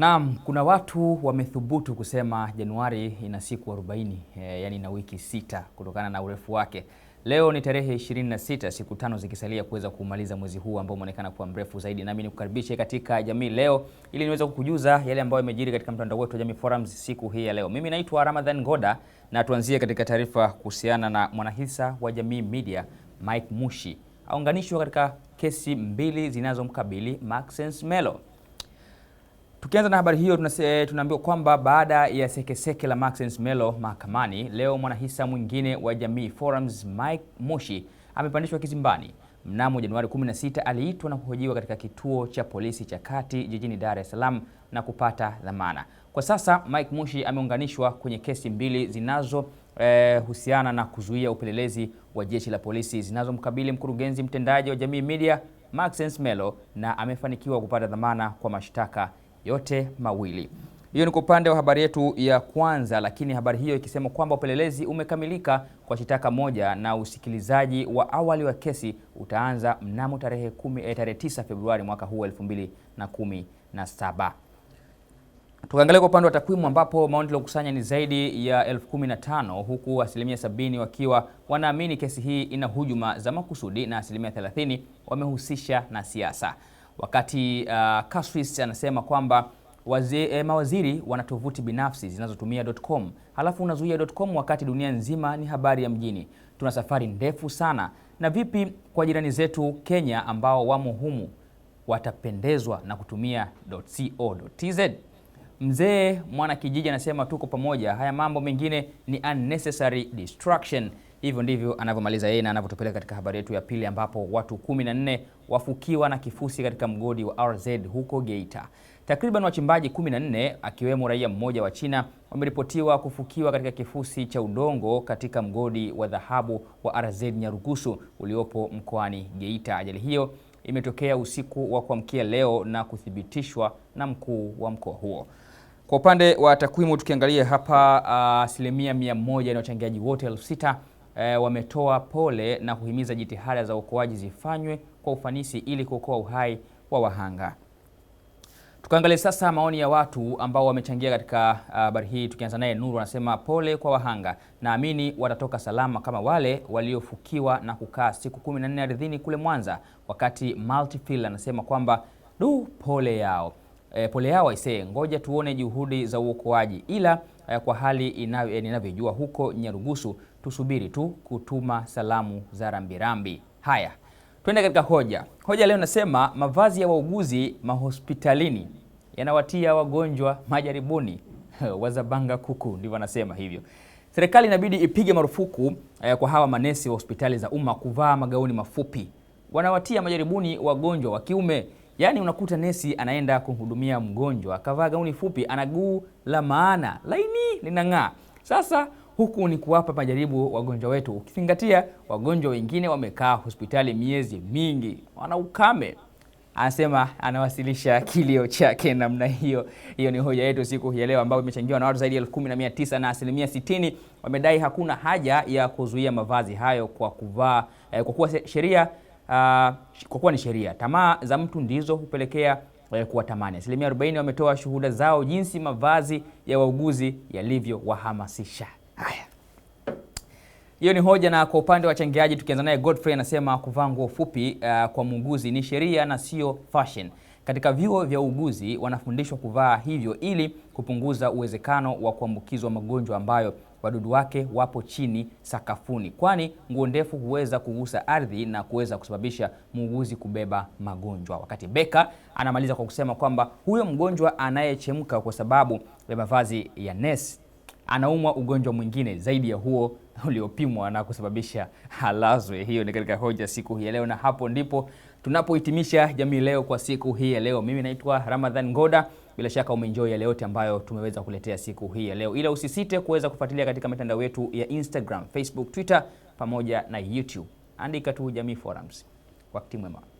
Naam, kuna watu wamethubutu kusema Januari ina siku 40, e, eh, yani na wiki sita kutokana na urefu wake. Leo ni tarehe 26, siku tano zikisalia kuweza kumaliza mwezi huu ambao umeonekana kuwa mrefu zaidi. Nami nikukaribishe katika Jamii Leo ili niweze kukujuza yale ambayo yamejiri katika mtandao wetu wa Jamii Forums siku hii ya leo. Mimi naitwa Ramadhan Goda na tuanzie katika taarifa kuhusiana na mwanahisa wa Jamii Media Mike Mushi aunganishwa katika kesi mbili zinazomkabili Maxence Melo. Tukianza na habari hiyo tunaambiwa kwamba baada ya sekeseke la Maxence Melo mahakamani leo, mwanahisa mwingine wa Jamii Forums Mike Moshi amepandishwa kizimbani. Mnamo Januari 16 aliitwa na kuhojiwa katika kituo cha polisi cha Kati jijini Dar es Salaam na kupata dhamana. Kwa sasa Mike Mushi ameunganishwa kwenye kesi mbili zinazohusiana eh, na kuzuia upelelezi wa jeshi la polisi zinazomkabili mkurugenzi mtendaji wa Jamii Media Maxence Melo na amefanikiwa kupata dhamana kwa mashtaka yote mawili. Hiyo ni kwa upande wa habari yetu ya kwanza, lakini habari hiyo ikisema kwamba upelelezi umekamilika kwa shitaka moja na usikilizaji wa awali wa kesi utaanza mnamo tarehe 10 eh, tarehe 9 Februari mwaka huu 2017. Tukaangalia kwa upande wa takwimu ambapo maoni tuliokusanya ni zaidi ya elfu huku asilimia sabini wakiwa wanaamini kesi hii ina hujuma za makusudi na asilimia 30 wamehusisha na siasa wakati uh, Kaswis anasema kwamba waze, eh, mawaziri wana tovuti binafsi zinazotumia .com halafu unazuia .com wakati dunia nzima ni habari ya mjini. Tuna safari ndefu sana, na vipi kwa jirani zetu Kenya ambao wamo humu watapendezwa na kutumia .co.tz? Mzee mwana kijiji anasema tuko pamoja, haya mambo mengine ni unnecessary distraction. Hivyo ndivyo anavyomaliza yeye na anavyotupeleka katika habari yetu ya pili, ambapo watu 14 wafukiwa na kifusi katika mgodi wa RZ huko Geita. Takriban wachimbaji 14 akiwemo raia mmoja wa China wameripotiwa kufukiwa katika kifusi cha udongo katika mgodi wa dhahabu wa RZ Nyarugusu uliopo mkoani Geita. Ajali hiyo imetokea usiku wa kuamkia leo na kuthibitishwa na mkuu wa mkoa huo. Kwa upande wa takwimu tukiangalia hapa, asilimia uh, mia moja na wachangiaji wote elfu sita e, wametoa pole na kuhimiza jitihada za uokoaji zifanywe kwa ufanisi ili kuokoa uhai wa wahanga. Tukaangalia sasa maoni ya watu ambao wamechangia katika ah, habari uh, hii tukianza naye Nuru anasema pole kwa wahanga, naamini watatoka salama kama wale waliofukiwa na kukaa siku kumi na nne ardhini kule Mwanza. Wakati Multifil anasema kwamba du, pole yao e, pole yao aisee, ngoja tuone juhudi za uokoaji, ila e, kwa hali ninavyojua huko Nyarugusu tusubiri tu kutuma salamu za rambirambi. Haya, twende katika hoja. Hoja leo nasema mavazi ya wauguzi mahospitalini yanawatia wagonjwa majaribuni wazabanga kuku, ndivyo anasema hivyo. Serikali inabidi ipige marufuku eh, kwa hawa manesi wa hospitali za umma kuvaa magauni mafupi, wanawatia majaribuni wagonjwa wa kiume. Yaani unakuta nesi anaenda kumhudumia mgonjwa akavaa gauni fupi, ana guu la maana laini linang'aa. Sasa huku ni kuwapa majaribu wagonjwa wetu, ukizingatia wagonjwa wengine wamekaa hospitali miezi mingi, wana ukame. Anasema anawasilisha kilio chake namna hiyo. Hiyo ni hoja yetu siku ya leo, ambayo imechangiwa na watu zaidi ya elfu kumi na mia tisa na asilimia sitini wamedai hakuna haja ya kuzuia mavazi hayo kwa kuvaa eh, kwa kuwa sheria Uh, kwa kuwa ni sheria. Tamaa za mtu ndizo hupelekea eh, kuwa tamani Asilimia 40 wametoa shuhuda zao jinsi mavazi ya wauguzi yalivyowahamasisha. Haya, hiyo ni hoja. Na kwa upande wa changiaji, tukianza naye Godfrey anasema kuvaa nguo fupi uh, kwa muuguzi ni sheria na sio fashion. Katika vyuo vya uuguzi wanafundishwa kuvaa hivyo ili kupunguza uwezekano wa kuambukizwa magonjwa ambayo wadudu wake wapo chini sakafuni, kwani nguo ndefu huweza kugusa ardhi na kuweza kusababisha muuguzi kubeba magonjwa. Wakati Beka anamaliza kwa kusema kwamba huyo mgonjwa anayechemka kwa sababu ya mavazi ya nurse anaumwa ugonjwa mwingine zaidi ya huo uliopimwa na kusababisha halazwe. Hiyo ni katika hoja siku hii ya leo, na hapo ndipo tunapohitimisha jamii leo kwa siku hii ya leo. Mimi naitwa Ramadhan Ngoda. Bila shaka umeenjoy yale yote ambayo tumeweza kuletea siku hii ya leo, ila usisite kuweza kufuatilia katika mitandao yetu ya Instagram, Facebook, Twitter pamoja na YouTube. Andika tu Jamii Forums. Wakati mwema.